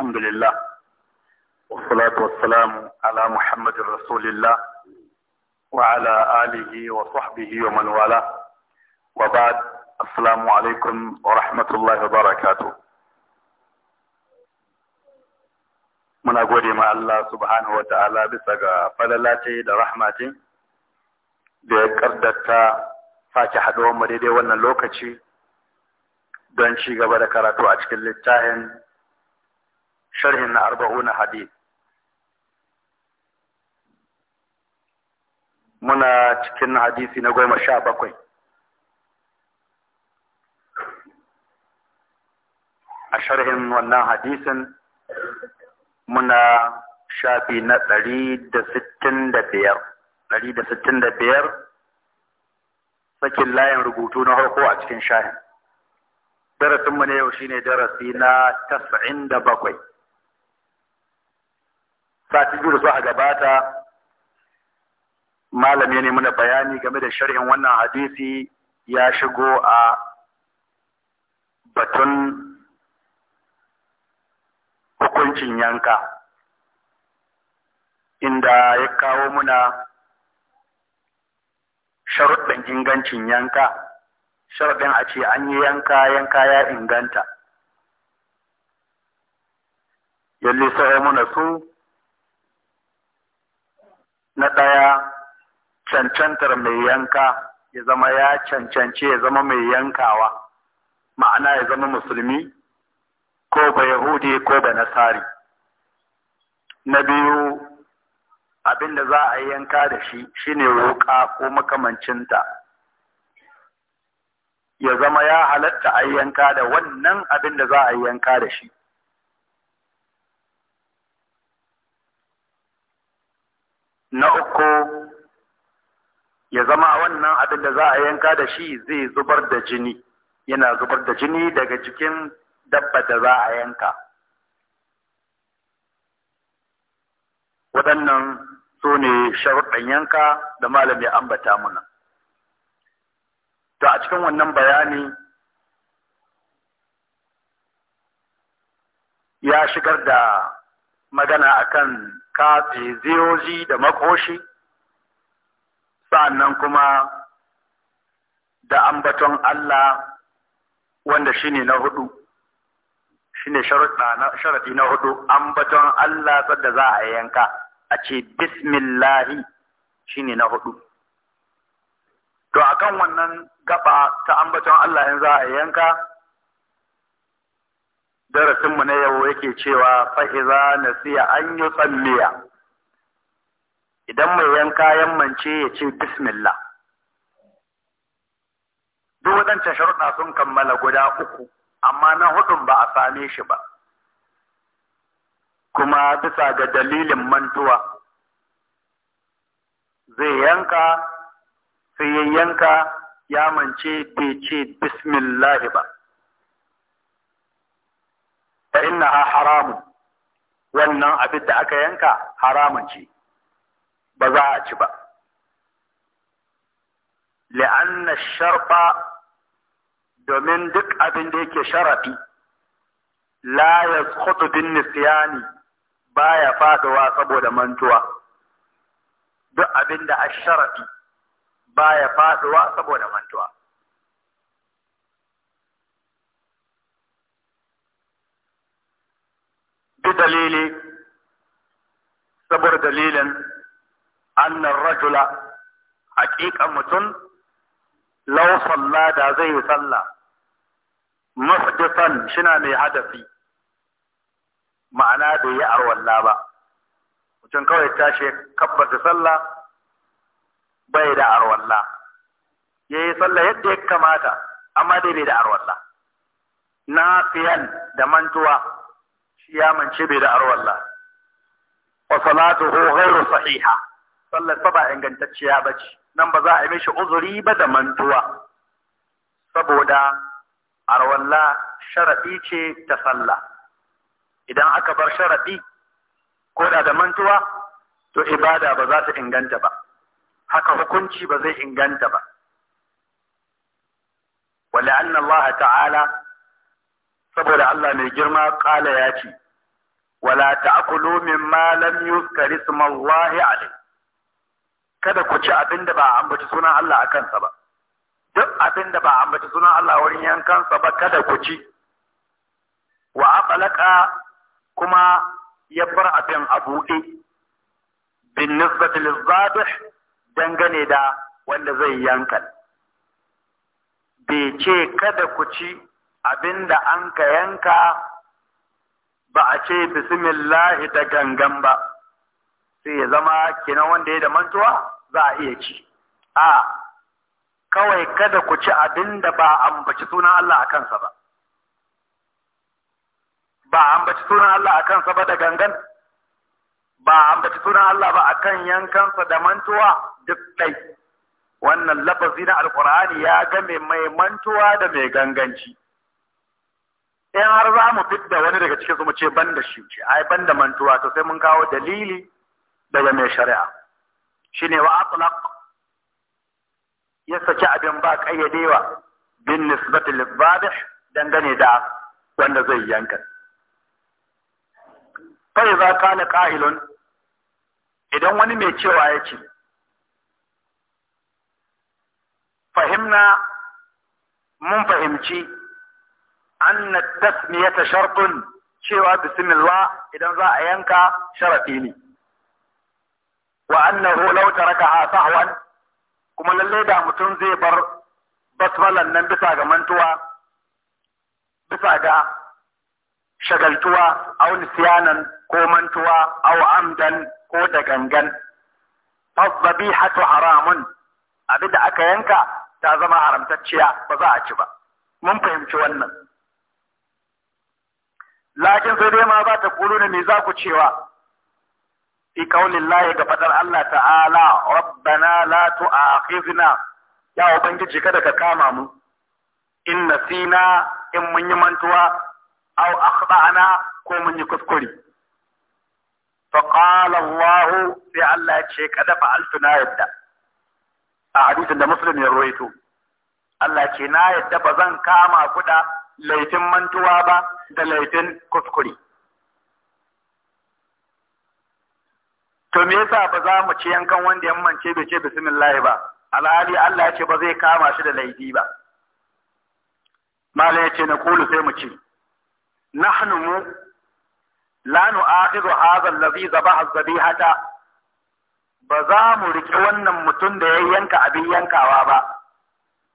الحمد لله والصلاة والسلام على محمد رسول الله وعلى آله وصحبه ومن والاه وبعد السلام عليكم ورحمة الله وبركاته muna gode ma Allah subhanahu wa ta'ala bisa ga falalace da rahmatin da ya kardarta sake haɗuwar mu daidai wannan lokaci don ci gaba da karatu a cikin littafin شرح أربعون حديث منا تكن حديث نقول ما شابكوين أشرح منا حديث منا شابين لريد ستن دبير لريد ستن دبير فكل لاين ربوتون هو قوة تكن شاهم درس مني وشيني درسي نا تسعين ta biyu da a gabata malam ya nemi mana bayani game da shari'in wannan hadisi ya shigo a batun hukuncin yanka inda ya kawo muna sharuɗin ingancin yanka sharuɗin a ce an yi yanka yanka ya inganta ya muna su na ɗaya cancantar mai yanka ya zama ya cancanci ya zama mai yankawa ma'ana ya zama musulmi ko ba yahudi ko ba nasari na biyu abin da za a yi yanka da shi shine roƙa ko makamancinta ya zama ya halatta a yanka da wannan abin da za a yi yanka da shi na uku ya zama wannan abin da za a yanka da shi zai zubar da jini yana zubar da jini daga jikin dabba da za a yanka waɗannan su ne sharuɗan yanka da malam ya ambata muna to a cikin wannan bayani ya shigar da magana akan katse ziyoji da makoshi sa'annan kuma da ambaton Allah wanda shine na hudu shine sharadi na hudu ambaton Allah sadda za a yanka a ce bismillahi shine na hudu to akan wannan gaba ta ambaton Allah in za a yanka darasinmu na yau yake cewa fa'iza nasiya an yi tsammiya. idan mai yanka yammance ya ce bismillah duk waɗancan sharuɗa sun kammala guda uku amma na hudun ba a same shi ba kuma bisa ga dalilin mantuwa zai yanka sai yanka ya mance bai ce bismillah ba Inna a haramun wannan abin da aka yanka haramun ce ba za a ci ba la'anna sharfa domin duk abin da yake sharafi la yasqutu bin nisyani baya faduwa saboda mantuwa duk abin da asharafi baya faduwa saboda mantuwa bi dalili saboda dalilin annan rajula haƙiƙan mutum lau salla da zai yi salla muhdisan shina mai hadafi ma'ana bai yi arwalla ba mutum kawai tashi kabbata sallah bai da arwalla ya yi sallah yadda ya kamata amma dai bai da arwalla na fiyan da mantuwa shi ya mance bai da arwalla wa salatuhu ghairu sahiha sallar sa ba ingantacciya bace nan ba za a yi mishi uzuri ba da mantuwa saboda arwalla sharadi ce ta salla. idan aka bar sharadi ko da da mantuwa to ibada ba za ta inganta ba haka hukunci ba zai inganta ba ولأن الله ta'ala. saboda Allah mai girma ƙala ya ce wala ta'kulu mimma lam yuzkar ismullahi alayh kada ku ci abin da ba a ambaci sunan Allah a kansa ba duk abin da ba a ambaci sunan Allah wurin yankansa ba kada ku ci wa aqlaqa kuma ya bar abin a buɗe bin nisbati lizabih dangane da wanda zai yankan. bai ce kada ku ci abinda an ka yanka ba a ce bismillah da gangan ba sai ya zama kenan wanda ya da mantuwa za a iya ci a kawai kada ku ci abinda ba ambaci sunan Allah a kansa ba ba ambaci sunan Allah a kansa ba da gangan ba ambaci sunan Allah ba akan yankansa da mantuwa duk ɗai wannan lafazi na alkur'ani ya game mai mantuwa da mai ganganci in har za mu fidda wani daga cikin su mu ce ban da shi ce ai ban da mantuwa to sai mun kawo dalili daga mai shari'a shine wa atlaq ya saki abin ba kayyadewa bin nisbati lil dangane da wanda zai yanka fa ka kana qa'ilun idan wani mai cewa ya ce fahimna mun fahimci anna tasmiyata shartun cewa bismillah idan za a yanka sharafi ne wa annahu law tarakaha sahwan kuma lallai da mutum zai bar basmalan nan bisa ga mantuwa bisa ga shagaltuwa aw nisyanan ko mantuwa aw amdan ko da gangan fadhabihatu haramun abinda aka yanka ta zama haramtacciya ba za a ci ba mun fahimci wannan lakin sai dai ma ba ta kulu ne me za ku cewa fi kaulin laye ga fadar Allah ta'ala rabbana la tu'akhizna ya ubangiji kada ka kama mu in nasina in mun yi mantuwa aw akhtana ko mun yi kuskure fa qala Allah sai Allah ya ce kada fa altuna yadda a hadisin da muslim ya ruwaito Allah ce na yadda ba zan kama ku da laifin mantuwa ba da laifin kuskure. To me yasa ba za mu ci yankan wanda ya mance bai ce bismillah ba, alhali Allah ya ce ba zai kama shi da laifi ba. Malam ya ce na kulu sai mu ci. Nahnu mu la akhidhu hadha allazi zabaha az ba za mu riƙe wannan mutum da ya yanka abin yankawa ba.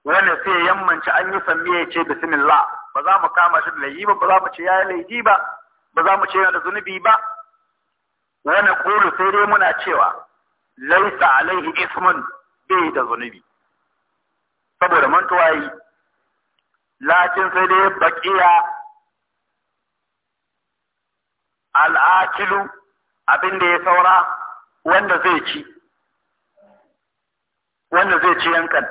wanda sai ya yammanci an yi sammiya ya ce bismillah ba za mu kama shi da laifi ba ba za mu ce ya yi laifi ba ba za mu ce yana da zunubi ba wani kulu sai dai muna cewa laisa alaihi ismun bai da zunubi saboda mantuwa yi lakin sai dai baƙiya al'akilu abin da ya saura wanda zai ci wanda zai ci yankan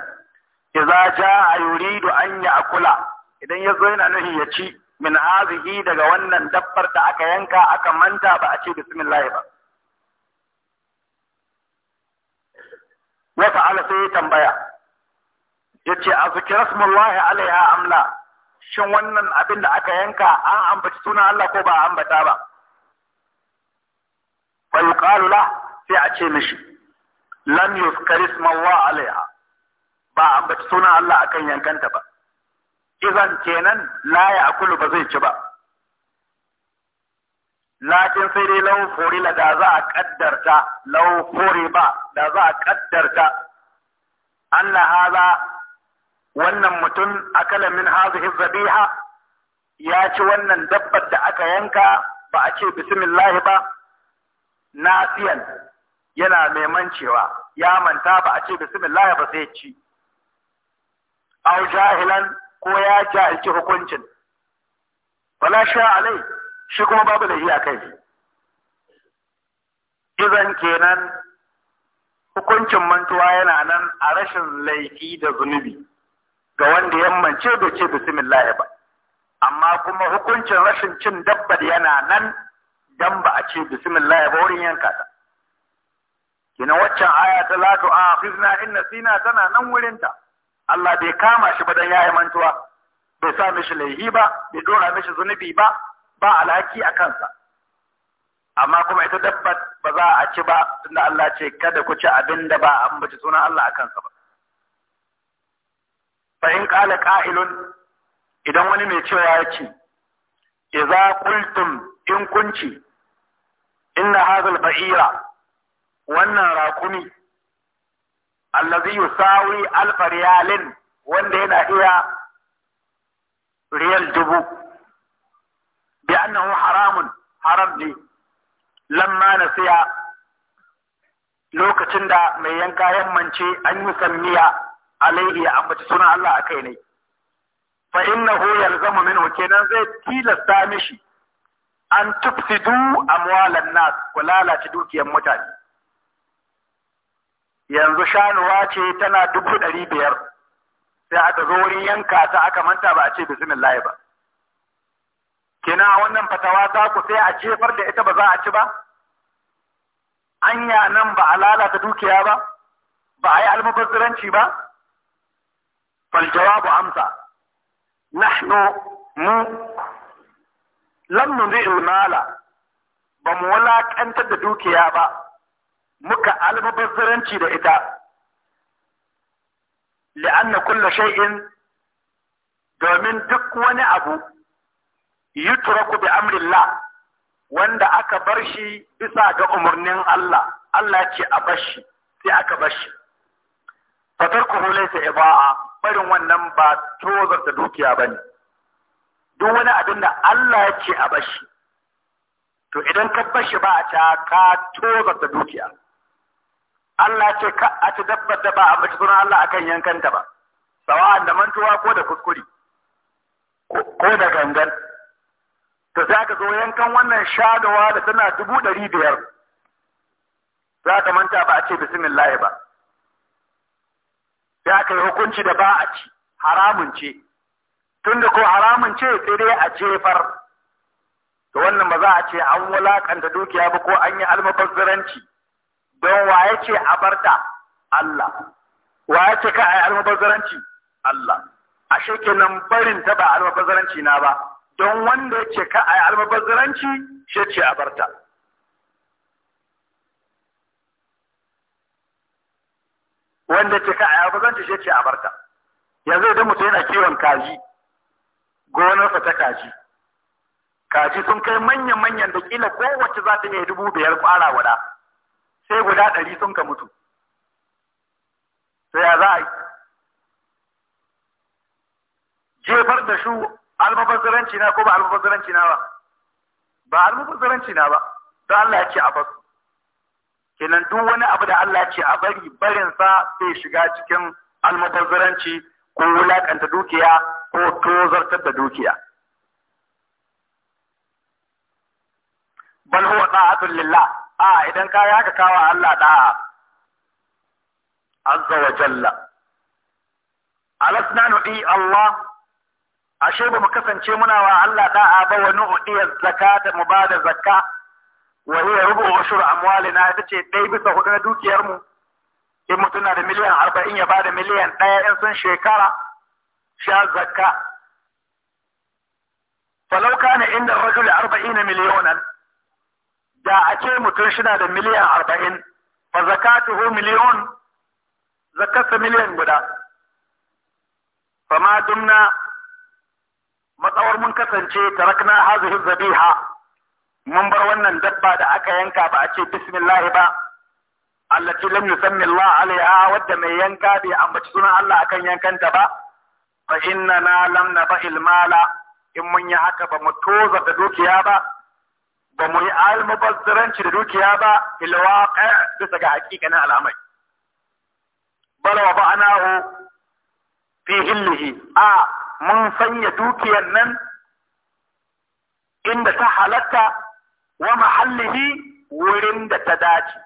idza jaa yuridu an ya'kula idan ya zo yana nuhi ya ci min hazihi daga wannan dabbar da aka yanka aka manta ba a ce bismillah ba wata ala sai ya tambaya ya ce a zuki rasmullahi alaiha amla shin wannan abin da aka yanka an ambaci sunan Allah ko ba a ambata ba fa yuqalu la sai a ce mishi lam yuskar ismallah alaiha ba a ambaci sunan Allah akan yankanta ba izan kenan la ya akulu ba zai ci ba lakin sai dai lau la da za a kaddarta lau fori ba da za a kaddarta anna haza wannan mutum akala min hazihi zabiha ya ci wannan dabbar da aka yanka ba a ce bismillah ba nasiyan yana mai mancewa ya manta ba a ce bismillah ba sai ci au jahilan ko ya jahilci hukuncin wala sha alai shi kuma babu da a kai idan kenan hukuncin mantuwa yana nan a rashin laifi da zunubi ga wanda yammance da ce bismillah ba amma kuma hukuncin rashin cin dabbar yana nan dan ba a ce bismillah ba wurin yanka ta kina waccan aya ta la tu'akhizna in nasina tana nan wurinta Allah bai kama shi ba dan yi mantuwa bai sa mishi laihi ba bai dora mishi zunubi ba ba alhaki a kansa amma kuma ita dabbat ba za a ci ba tunda Allah ce kada ku ci abin da ba an bace sunan Allah a kansa ba fa in qala idan wani mai cewa ya ce idza qultum in kunci inna na baira wannan raƙumi. allazi yusawi alfa riyalin wanda yana iya riyal dubu bi annahu haramun haram ne lamma na siya lokacin da mai yanka yammanci an yi sammiya alaihi ya ambaci sunan Allah a kai ne fa innahu yalzamu minhu kenan zai tilasta mishi an tufsidu amwalan nas ku lalace dukiyar mutane yanzu shanuwa ce tana dubu ɗari biyar sai aka zo wurin yanka ta aka manta ba a ce bismillah ba kina wannan fatawa ta ku sai a jefar da ita ba za a ci ba anya nan ba a lalata dukiya ba ba a yi almubazziranci ba fal jawabu amsa nahnu mu lam nudi mala ba mu kantar da dukiya ba muka albabazzaranci da ita li'anna kulla shay'in domin duk wani abu yutraku bi amrillah wanda aka bar shi bisa ga umarnin Allah Allah ce a bashi sai aka bashi fatarkuhu laisa iba'a barin wannan ba tozar da dukiya bane duk wani abin da Allah ce a bashi to idan ka bashi ba a ta ka tozar da dukiya Allah ce ka a ci dabbar da ba a mace sunan Allah a kan yankanta ba Sawa, da mantuwa ko da kuskure ko da gangan Ta za ka zo yankan wannan shagawa da tana dubu ɗari biyar za ka manta ba a ce bismillah ba za ka yi hukunci da ba a ci haramun ce tunda ko haramun ce sai dai a jefar to wannan ba za a ce an wulaƙanta dukiya ba ko an yi almubazzaranci don wa yake ce a barta Allah wa yake ce ka a yi almubazzaranci Allah a nan barin ta ba almubazzaranci na ba don wanda ya ce ka a yi almubazzaranci shi ce a barta wanda ce ka a yi almubazzaranci shi ce a barta yanzu idan mutum yana kiwon kaji gonarsa ta kaji kaji sun kai manyan-manyan da kila kowace za ta iya dubu biyar fara wada sai guda ɗari sun ka mutu to ya za a yi jefar da shu almubazzaranci na ko ba almubazzaranci na ba ba almubazzaranci na ba don Allah ya ce a basu kenan duk wani abu da Allah ya ce a bari barinsa sai shiga cikin almubazzaranci ko wulakanta dukiya ko tozartar da dukiya bal huwa ta'atun lillah a idan ka haka kawo Allah da azza wa jalla alasna nu'i Allah ashe ba mu kasance muna wa Allah a ba wa nu'i zakata mu bada zakka wa hiya rubu ushur amwalina ita ce dai bisa hudu na dukiyar mu in mutum da miliyan arba'in ya bada miliyan ɗaya in sun shekara sha zakka falau kana inda rajul 40 miliyonan da a ce mutum shida da miliyan arba'in fa zakatuhu miliyon zakarsa miliyan guda fa ma dumna matsawar mun kasance tarakna hazihi zabiha mun bar wannan dabba da aka yanka ba a ce bismillah ba ce lam yusammi Allah alaiha wadda mai yanka bai ambaci sunan Allah akan yankanta ba fa inna na lam ba ilmala in mun yi haka ba mu toza da dukiya ba ba mu yi almubazzaranci da dukiya ba ilwaƙa bisa ga al'amai bala balawa ba ana fi hillihi a mun sanya dukiyar nan inda ta halatta wa mahallihi wurin da ta dace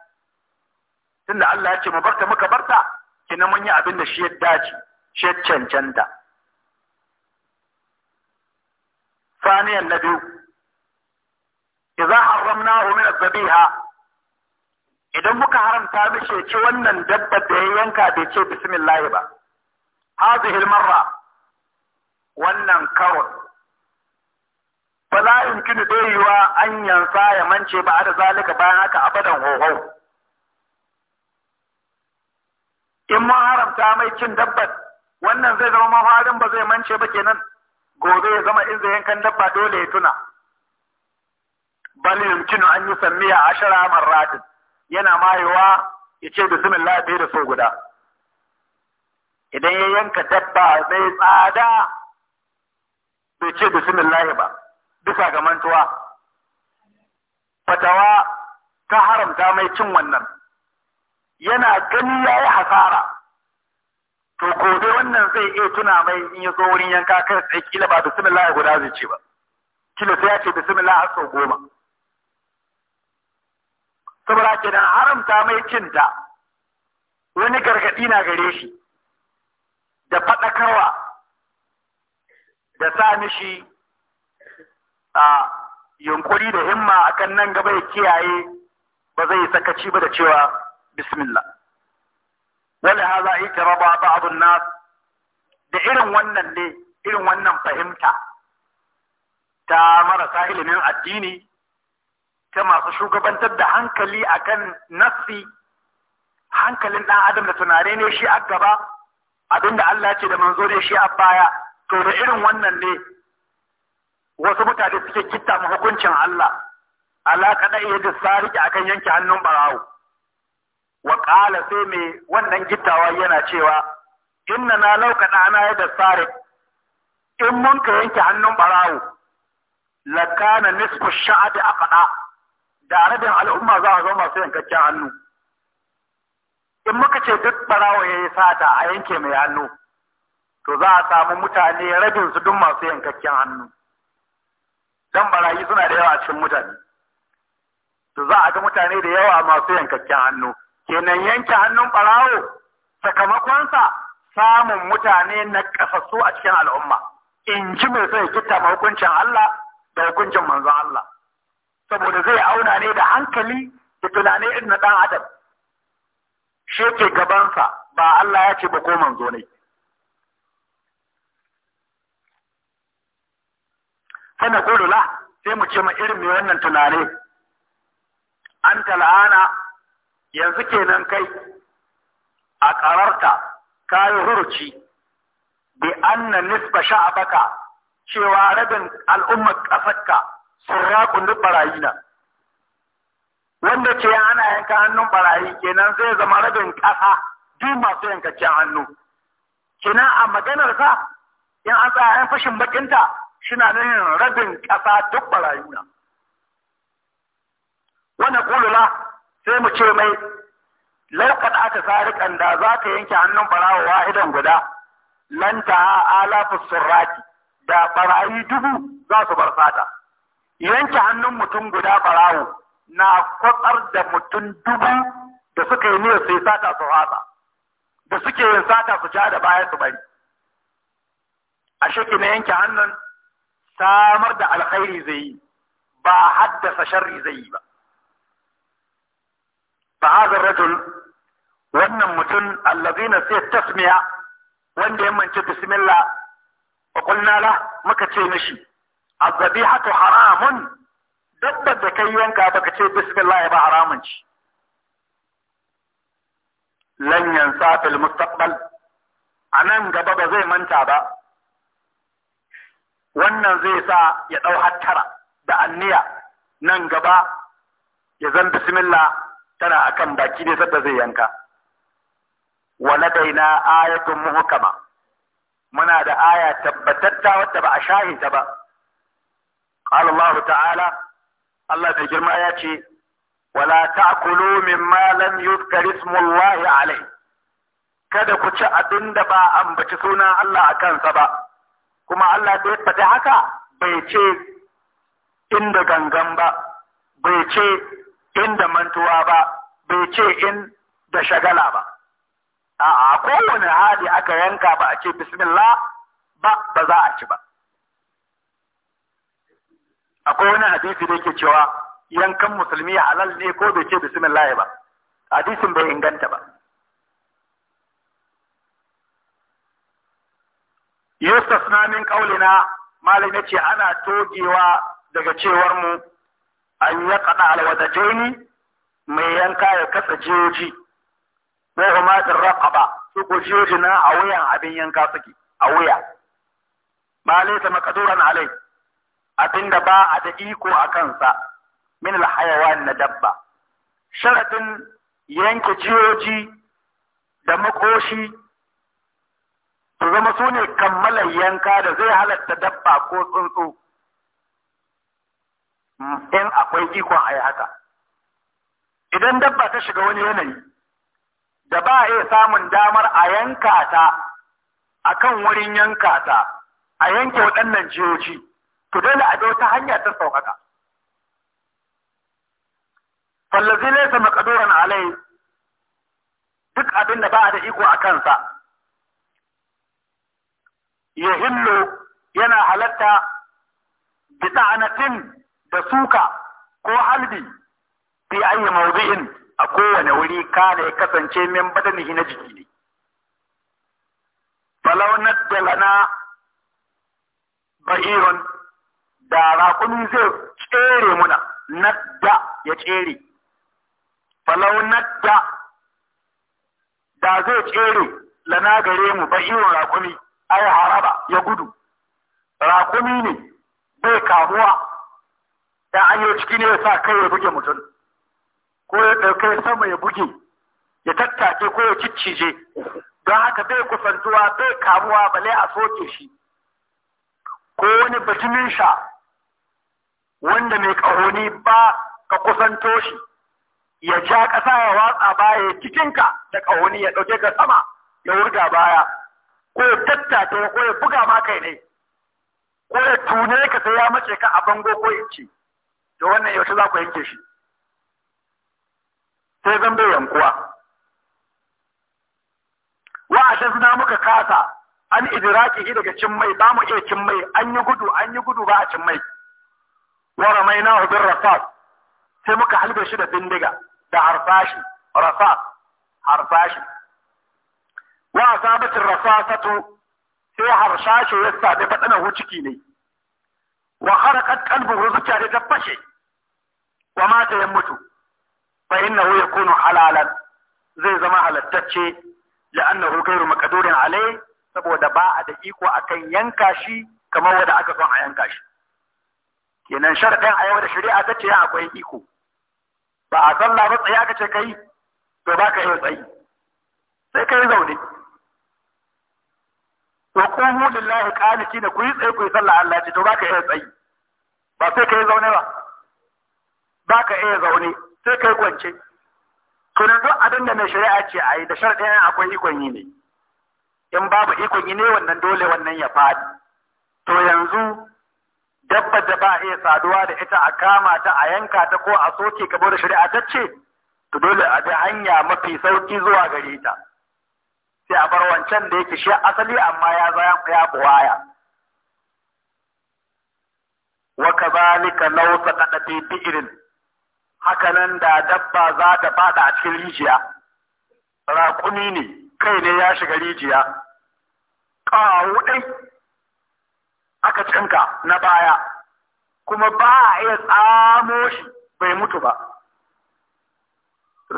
tunda Allah ya ce mu barta muka barta kina mun yi abin da shi ya dace shi ya cancanta saniyan na biyu idza harramnahu min zabiha idan muka haramta mishi ci wannan dabba da ya yanka bai ce bismillah ba hadhihi marra wannan karo an yansa ya mance ba da zalika bayan haka abadan hoho in mun haramta mai cin dabbar wannan zai zama mafarin ba zai mance ba kenan gobe ya zama in zai yankan dabba dole ya tuna bal yumkinu an yi yusammiya ashara marratin yana mayewa ya ce bismillah bai da so guda idan ya yanka dabba mai tsada bai ce bismillah ba bisa ga mantuwa fatawa ta haramta mai cin wannan yana gani ya yi hasara to gobe wannan zai iya tuna mai in ya zo wurin yanka kai tsaye kila ba bismillah guda zai ce ba kila sai ya ce bismillah har sau goma saboda kenan haramta mai cinta wani gargaɗi na gare shi da faɗakarwa da sa mishi a yunkuri da himma akan nan gaba ya kiyaye ba zai sakaci ba da cewa bismillah Wani haza ba abun na da irin wannan ne irin wannan fahimta ta marasa ilimin addini ta masu shugabantar da hankali akan nafi hankalin ɗan adam da tunare ne shi a gaba abinda Allah ce da manzo ne shi a baya to da irin wannan ne wasu mutane suke kitta mu hukuncin Allah Allah kada iya da akan yanke hannun barawo wa qala sai me wannan gittawa yana cewa inna na lauka dana ya da sarik in mun ka yanke hannun barawo lakana nisfu a aqda da rabin al'umma za a zo masu yankakken hannu in muka ce duk barawa ya yi sata a yanke mai hannu to za a samu mutane rabin su duk masu yankakken hannu dan barayi suna da yawa cikin mutane to za a ga mutane da yawa masu yankakken hannu kenan yanke hannun barawo sakamakonsa samun mutane na kasassu a cikin al'umma in ji mai sai kitta hukuncin Allah da hukuncin manzon Allah saboda zai auna ne da hankali da tunani irin na ɗan adam shi ke gabansa ba Allah ya ce ba ko manzo ne sana ko la sai mu ce ma irin mai wannan tunani an tal'ana yanzu kenan kai a ƙararta kayi huruci bi anna nisba sha'abaka cewa rabin al'ummar ƙasarka sarraƙun duk barayi wanda ce ana yanka hannun barayi kenan zai zama rabin ƙasa duk masu yankacin hannu kenan a maganar sa in an tsaya yan fashin bakinta shina nuna rabin ƙasa duk barayi na wannan kulula sai mu ce mai laukat aka sariƙan da za ka yanke hannun barawa wahidan guda lanta alafin surraki da barayi dubu za su bar fata yanke hannun mutum guda barawo na kwatsar da mutum dubu da suka yi niyyar sai sata su hasa da suke yin sata su ja da baya su bari a shaki na yanke hannun samar da alkhairi zai yi ba haddasa sharri zai yi ba fa hazar rajul wannan mutum allazina sai tasmiya wanda ya mance bismillah wa qulna la muka ce mishi az haka haramun dabbar da kai yanka baka ce bismillah ba haramun ci lanyan safil fil A nan gaba ba zai manta ba wannan zai sa ya ɗau hattara da anniya nan gaba ya zan bismillah tana akan baki ne sadda zai yanka waladaina ayatun muhkama muna da aya tabbatatta wadda ba a shahi ta ba qala ta'ala Allah mai girma ya ce wala ta'kulu mimma lam yuzkar ismullahi alayhi kada ku ci abin da ba ambaci sunan Allah a kansa ba kuma Allah da ya faɗi haka bai ce inda gangan ba bai ce inda mantuwa ba bai ce in da shagala ba a'a kowane hali aka yanka ba a ce bismillah ba ba za a ci ba akwai wani hadisi da yake cewa yankan musulmi halal ne ko bai ce bismillah ba hadisin bai inganta ba Yusuf na min kaulina malam ce ana togewa daga cewar mu an ya kada jini mai yanka ya katsa jiyoji ko kuma raqaba su ko jiyoji na a wuyan abin yanka suke a wuya ba laysa maqduran alai abinda ba a da iko a kansa min alhayawan na dabba sharadin yanke jiyoji da makoshi su zama su ne kammalar yanka da zai halatta dabba ko tsuntsu in akwai iko a yi haka idan dabba ta shiga wani yanayi da ba a iya samun damar a yanka ta a kan wurin yanka ta a yanke waɗannan jiyoji to dole a ta hanya ta sauƙaƙa fallazi laysa maqduran alai duk abin da ba da iko a kansa yahillo yana halatta bi tsanatin da suka ko halbi fi ayi mawdi'in a kowane wuri kada ya kasance min badanihi na jiki ne falau naddalana ba'irun da raƙumi zai tsere muna nadda ya tsere falau nadda da zai tsere lana gare mu bashirin raƙumi ai haraba ya gudu raƙumi ne bai kamuwa da an yi ciki ne ya sa kai ya buge mutum ko ya ɗaukai sama ya buge ya tattake ko ya ciccije don haka bai kusantuwa bai kamuwa bale a soke shi ko wani batumin sha wanda mai ƙahoni ba ka kusanto shi ya ja ƙasa ya watsa baya cikinka da ƙahoni ya ɗauke ka sama ya wurga baya ko ya tattata ko ya buga ma kai ne ko ya tune ka sai ya mace ka a bango ko ce, to wannan yaushe za ku yanke shi sai zan bai yankuwa wa a muka kasa an idraki daga cin mai ba mu iya cin mai an yi gudu an yi gudu ba a cin mai wa na bin rasa sai muka halbe shi da bindiga da harfashi rafat harfashi wa asabatin rafasatu sai harsashi ya sami faɗin ciki ne wa harakat kalbuhu zuciya da ta fashe wa mata mutu fa innahu yakunu zai zama halattacce لأنه غير makadurin alai saboda ba a da iko akan yanka shi kamar wanda aka son a yanka shi kenan sharadin a yau da shari'a ta ce akwai iko ba a sallah ba tsaye aka ce kai to ba ka iya tsayi sai kai zaune to qumu lillahi qanitina ku yi tsaye ku yi sallah Allah ce to ba ka iya tsayi ba sai kai zaune ba ba ka iya zaune sai kai kwance to nan duk abin da mai shari'a ce a yi da sharadin akwai ikon yi ne in babu ikon yi ne wannan dole wannan ya faɗi to yanzu Dabba da ba iya saduwa da ita a kama ta a yanka ta ko a soke ka da shari'a ta ce to dole a bi hanya mafi sauki zuwa gare ta sai a bar wancan da yake shi asali amma ya zaya ya buwaya wa ka law saqata fi Haka hakanan da dabba za ta fada a cikin rijiya raƙumi ne kai ne ya shiga rijiya ƙawo dai aka cinka na baya kuma ba a iya tsamo shi bai mutu ba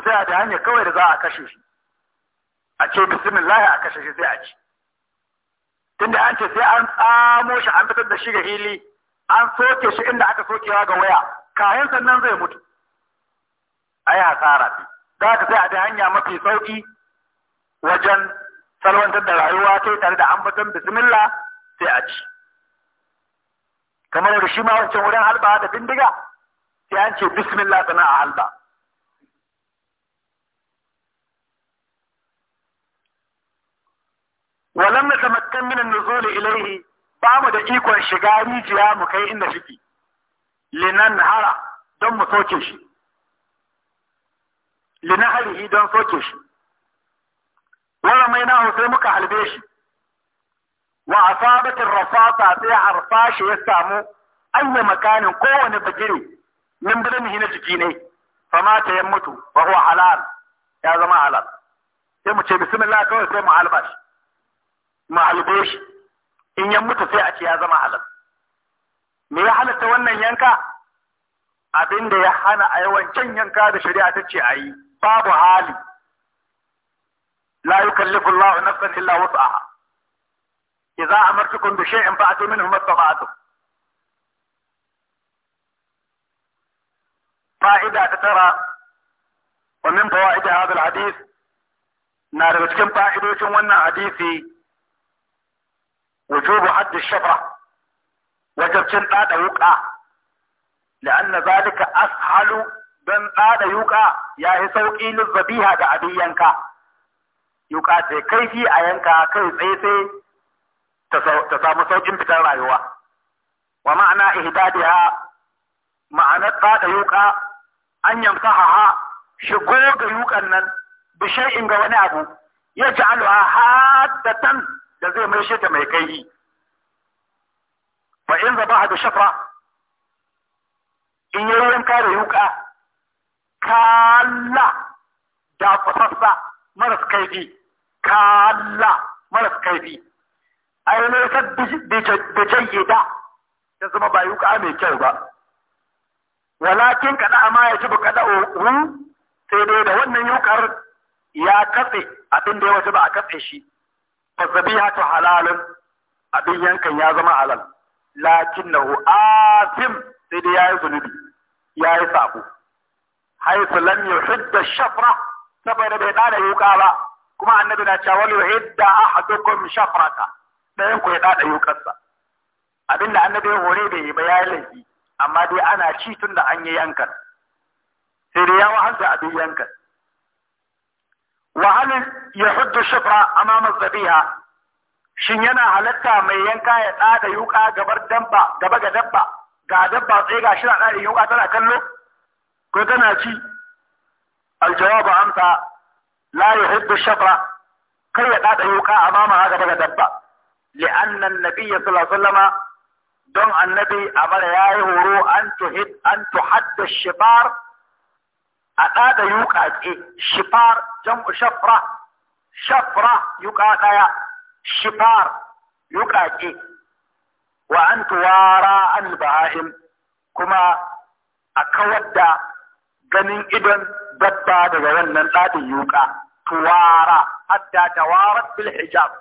sai a da hanyar kawai da za a kashe shi a ce bismillah a kashe shi sai a ci tunda an ce sai an tsamo shi an fitar da shi ga hili an soke shi inda aka sokewa ga waya kayan sannan zai mutu a yi hasara za ka sai a da hanya mafi sauki wajen salwantar da rayuwa ta tare da an ambaton bismillah sai a ci kamar da shi ma wancan wurin halba da bindiga sai an ce bismillah tana a halba walam na tamakkan minan nuzuli ilaihi ba mu da ikon shiga rijiya mu kai inda shiki linan hara don mu soke shi linaharihi don soke shi wala mai na sai muka halbe shi wa asabatin rafasa sai harfashi ya samu ayyuka makanin kowane bagire min birnihi na jiki ne fama ta yan mutu wa huwa halal ya zama halal sai mu ce bismillah kawai sai mu halbashi Ma mu in yan mutu sai a ce ya zama halal me ya halatta wannan yanka abin da ya hana a yawancin yanka da shari'a ta ce a yi babu hali la yukallifu Allahu nafsan illa wus'aha إذا أمرتكم بشيء فأتوا منه ما استطعتم فائدة ترى ومن فوائد هذا الحديث نعرف كم فائدة وأن حديثي وجوب حد الشفرة وجب كم هذا يقع لأن ذلك أسهل بن هذا يقع يا هسوقي للذبيحة بعدي ينكا يوقع كيفي أينكا كيف أيتي ta samu saukin fitar rayuwa wa ma'ana ihdadiha ma'anar tsada yuka an yamsaha shigo ga yukan nan bi inga ga wani abu ya ja'alha haddatan da zai mai ta mai kai Ba in zaba da shafa in yi wanka kare yuka Kala da fasassa maras kaifi Kala maras kaifi ai ne ka da ta zama ba yuka mai kyau ba walakin kada amma ya jibu kada ru sai dai da wannan yukar ya katse abin da ya waje ba a katse shi ta halalin. abin yankan ya zama halal lakinnahu asim sai dai yayi zunubi yayi sabo haythu lam yuhidda shafra saboda bai ɗada yuka ba kuma annabi na cewa wal yuhidda ahadukum shafrata ɗayan ku ya ɗaɗa yukarsa abinda annabi ya hore da yi ba ya yi laifi amma dai ana ci tun da an yi yankan sai dai ya wahalta abin yankan wahalin ya huddu shafa amama zabiha shin yana halatta mai yanka ya ɗaɗa yuka gabar dabba gaba ga dabba ga dabba tsaye ga shi na yuka tana kallo ko tana ci aljawabu amsa la ya huddu shafa kar ya ɗaɗa yuka amama gaba ga dabba لأن النبي صلى الله عليه وسلم دون النبي أمر ياي هورو أن تهد أن تحد الشفار أتاد يوكا إيه؟ شفار جمع شفرة شفرة يوكا شفار يوكا إيه؟ وأن توارى عن البهائم كما أكود جنين إبن بدا daga wannan ɗatin توارى حتى توارت بالحجاب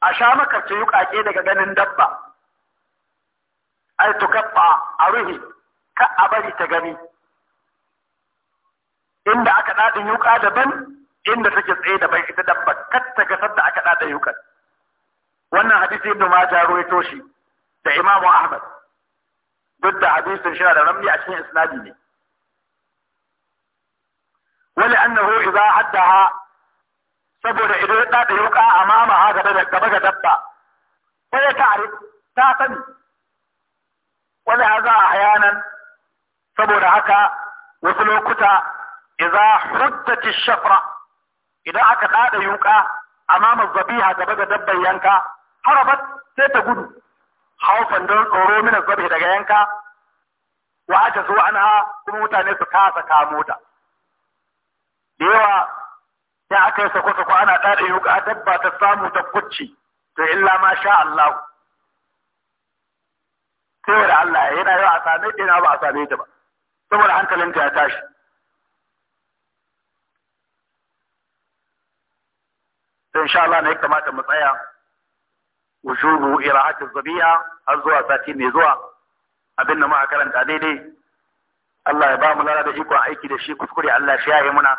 a sha makarci yuƙaƙe daga ganin dabba ai tukaffa a ruhi ka a bari ta gani inda aka ɗaɗin yuƙa daban inda take tsaye daban ita dabba kar ta gasar da aka ɗaɗin yuƙar wannan hadisi ibnu majah ruwaito shi da imamu ahmad duk da hadisin shi da ramli a cikin isnadi ne ولأنه إذا حدها saboda idan ya da yuka a mama ha gaba da gaba ga dabba sai ya tare ta sani wani haza a hayanan saboda haka wasu lokuta idza huddati shafra idan aka ɗaɗa yuka mama zabiha gaba ga dabban yanka harabat sai ta gudu haufan don tsoro mina zabi daga yanka wa aka zo anha kuma mutane su kasa kamo ta da yawa sai aka yi sako-sako ana tada yuka dabba ta samu ta kucci to illa ma sha Allah sai da Allah yana yau a same ta ba a same ta ba saboda hankalin ta ya tashi to insha Allah ne kamata mu tsaya wujubu ira'at az zabiya, har zuwa sati mai zuwa abin da muka karanta daidai Allah ya ba mu lara da iko aiki da shi kuskure Allah shi yayi muna